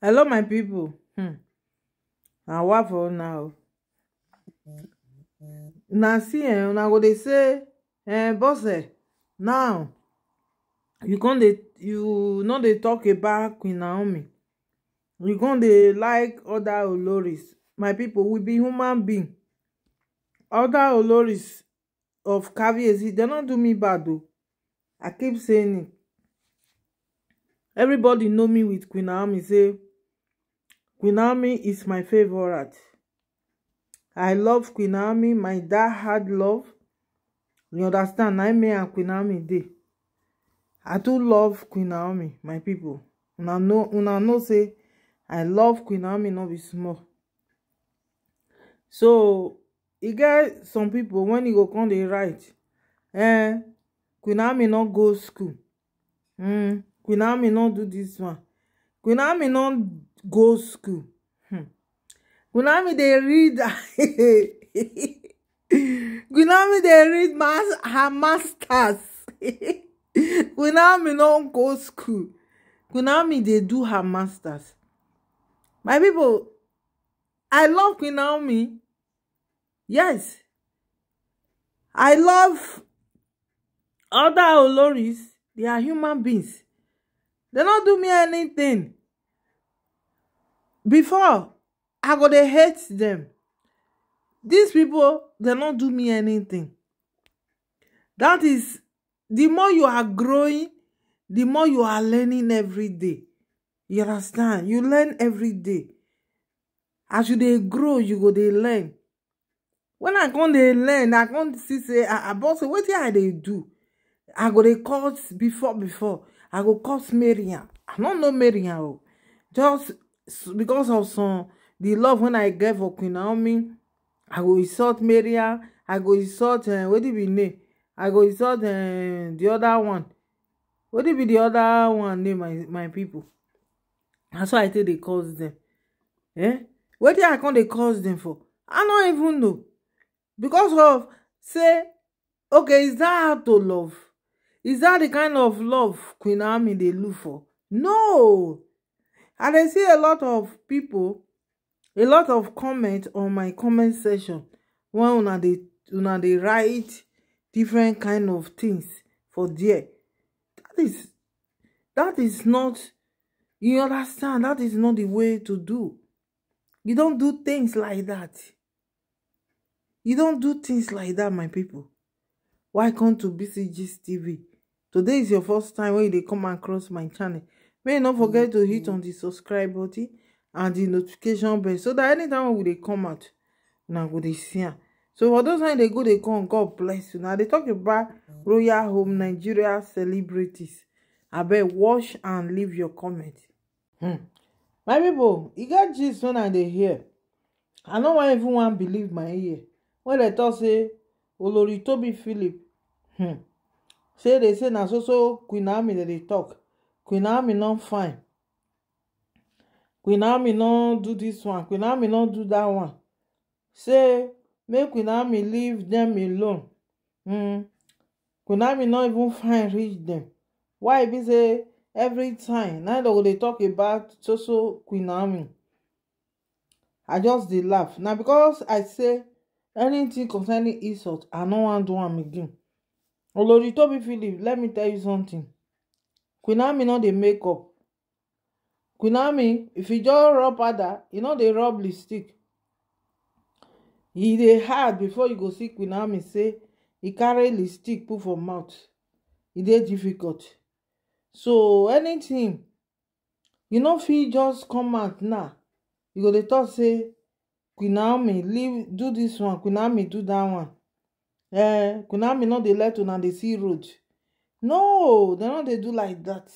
hello my people. hmm na for now na see eh una go dey say eh bose eh, now you con dey you no dey talk about queen naomi you con dey like other oloris my people. we be human being Other oloris of caviezi they no do me bad though. i keep saying it everybody know me with queen naomi say Quinami is my favorite. I love Quinami. my dad had love. You understand? I me and Quinami day. I do love Quinami, my people. I know, I know say I love Quinami. Not be small. So you e get some people when you e go come they write eh Quinami not go school mm, Quinami not do this one queen naomi no go school hmm. queen naomi dey read queen naomi dey read mas her masters queen naomi no go school queen naomi dey do her masters my people i love queen naomi yes i love other oloris they are human beings they no do me anything before i go to hate them, these people they not do me anything. that is the more you are growing the more you are learning every day you understand you learn every day as you they grow you go they learn When i come they learn i come see say ah, ah, i boss say what i they do i go to call before before i go call maria i not know maria o just because of some the love when i get for queen naomi i go insult maria i go insult uh, eh, wetin be name i go insult uh, the other one wetin be the other one name my my people na so i take dey cause dem eh wetin i come dey cause dem for i no even know because of say okay is that how to love is that the kind of love queen naomi dey look for no and i see a lot of people, a lot of comment on my comment section when una dey una dey write different kind of things for there that is that is not you understand that is not the way to do you don't do things like that you don't do things like that my people welcome to bc tv today is your first time when you dey come across my channel make you no forget mm. to hit on the subscribe button and the notification bell so that anytime we dey come out una go dey see am so for those when dey go dey come god bless you na dey talk about royal home nigeria celebrities abeg watch and leave your comment hmm. my pipo e get gist when i dey hear i no wan even wan believe my ear when dem talk say olori Toby philip hmm. say dey say na so so queen naomi dem dey talk queen naomi no fine queen naomi no do this one queen naomi no do that one say make queen naomi leave them alone mm. queen naomi no even fine reach them. why e be say every time now, dem go dey talk about so so queen naomi i just dey laugh na because i say anything concerning insult i no wan do am again olori tobi philip let me tell you something Kunami ami no dey make up queen if you just rub powder you e know they rub lipstick e dey hard before you go see Kunami. say he carry lipstick put for mouth e dey difficult so anything you know, if he just come out now you go dey talk say Kunami leave do this one Kunami do that one eh Kunami naomi the letter let una dey see road no dem no dey do like that.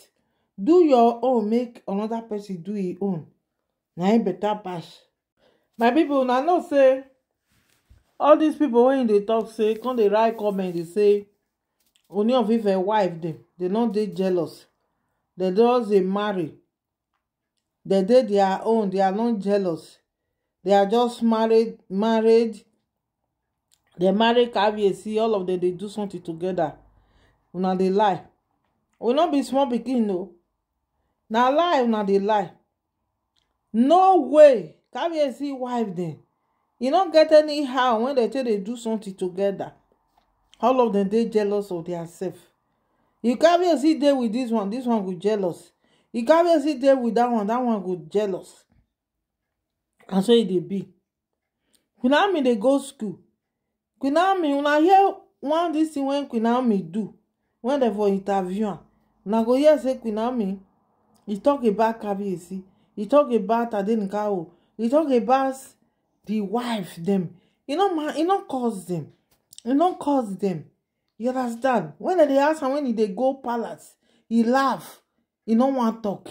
do your own make another person do im e own na im better pass my people, una know say all these people wey im dey tok say come dey write comment dey say only of ife wife dem dem no dey jealous dem just dey marry dem dey their own they are not jealous they are just married married dem marry a see all of them, dey do something together una dey lie we no be small pikin o na lie una dey lie no way Carry a see wife dem e no get anyhow when dem take dey do something together all of dem dey jealous of their self you see dey with this one this one go jealous you see dey with that one that one go jealous and so e dey be Queen Naomi dey go school Queen Naomi una hear one dis thing wey Queen Naomi do When they for interview am una go hear say queen naomi e tok about kabiyesi e talk about adenikawo e talk about the wife dem e no ma e no cause dem e no cause dem you understand wen dem dey ask am when e dey go palace e laugh e no wan talk.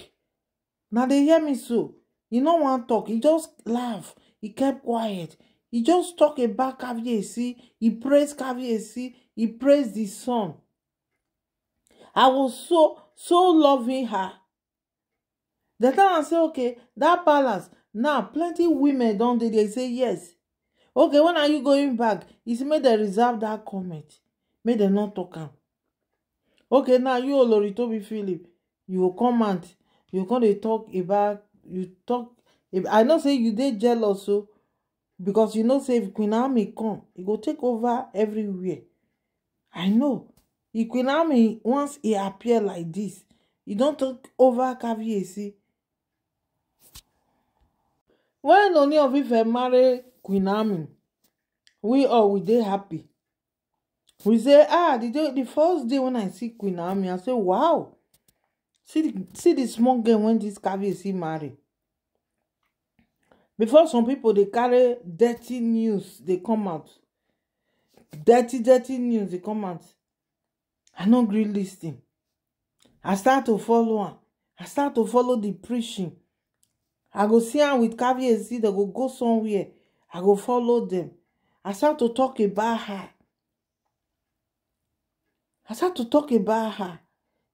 na dey hear me so e no wan talk. e just laugh e kept quiet e just talk about kabiyesi e praise kabiyesi e praise di son I was so, so loving her. The time I say, okay, that palace. Now, plenty women don't they, they say yes. Okay, when are you going back? It's made they reserve that comment. May they not talk am. Okay, now you Olori Tobi Philip, you will comment. You come dey talk about you talk. I know say you dey jealous so, oh, because you know say if Queen Naomi come, It e go take over everywhere. I know. Equinami, once he appear like this, he don't talk over see. When only of I marry Queen we all we dey happy. We say, ah, the first day when I see Queen I say, wow, see the, see the small girl when this see marry. Before some people they carry dirty news they come out. Dirty, dirty news they come out. I no gree lis ten. I start to follow am. I start to follow the preaching. I go see am with Kabiyesi. They go go somewhere. I go follow them. I start to talk about her. I start to talk about her.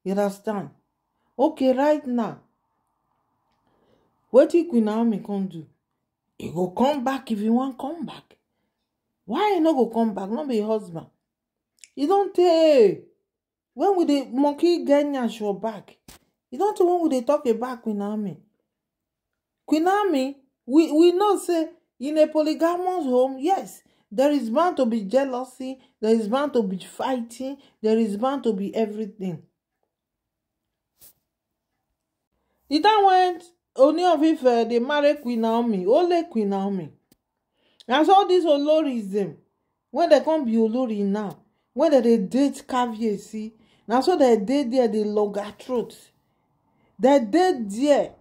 You understand? Okay, right now. What Wetin Queen Naomi come do? He go come back if he want come back. Why he no go come back? Not be husband. E don't tey when we the monkey get nyash for back you don't know when we they talk about queen naomi queen naomi we we know say in a polygamous home yes there is bound to be jealousy there is bound to be fighting there is bound to be everything the time when only of Ife they marry Queen Naomi only Queen Naomi na all this olori dem when they come be olori now when they date date see na so dem dey there dey longer throat dem dey there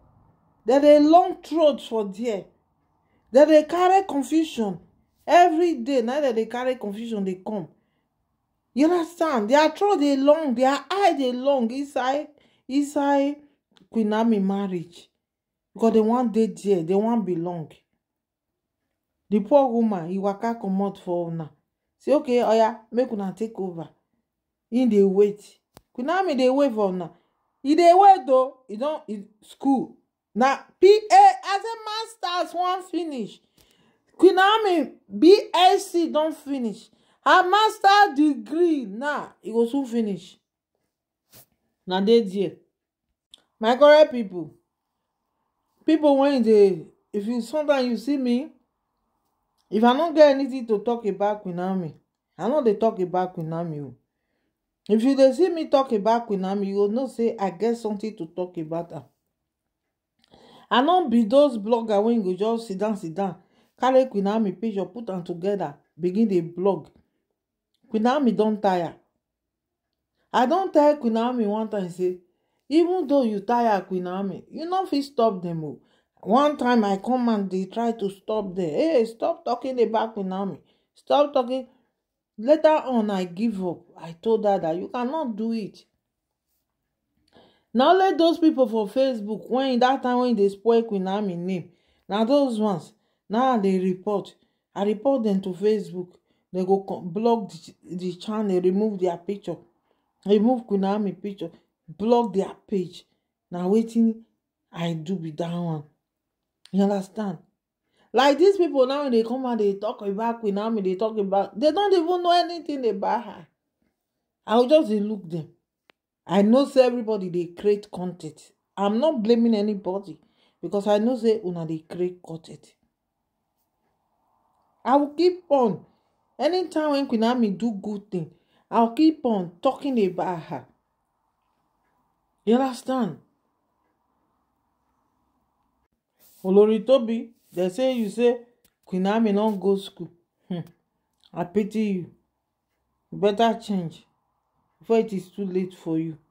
dem dey long throat for there dem dey carry confusion every day na dem dey carry confusion dey come you understand their throat dey long their eye dey long inside inside queen naomi marriage because dem wan dey there dem wan belong the poor woman e waka comot for una say okay oya make una take over him dey wait queen naomi dey wait for una e dey wait o e don e, school na pa as a masters wan finish queen naomi bsc don finish her master degree now e go soon finish na dey there my correct people. People wen you dey if you sometimes you see me if i no get anything to talk about queen naomi i no dey talk about queen naomi o if you dey see me talk about queen naomi you go know say i get something to talk about am i no be those blogger wey go just sit down sit down carry queen naomi picture put am together begin dey blog queen naomi don tire i don tell queen naomi one time say even though you tire queen naomi you no fit stop dem o one time i come and dey try to stop dem hey stop talking about queen naomi stop talking later on i give up i told her that you cannot do it Now let those people for facebook wen that time when they spoil queen army name now those ones now they report i report dem to facebook They go block the channel remove their picture remove queen army picture block their page Now waiting, i do be dat one you understand like these people now when they come and they talk about queen naomi they talk about they don't even know anything about her i will just look them. i know say everybody they create content i'm not blaming anybody because i know say una they create content i will keep on anytime when queen naomi do good thing i will keep on talking about her you understand olori tobi dem say you say queen naomi don go school hmm i pity you you better change before it is too late for you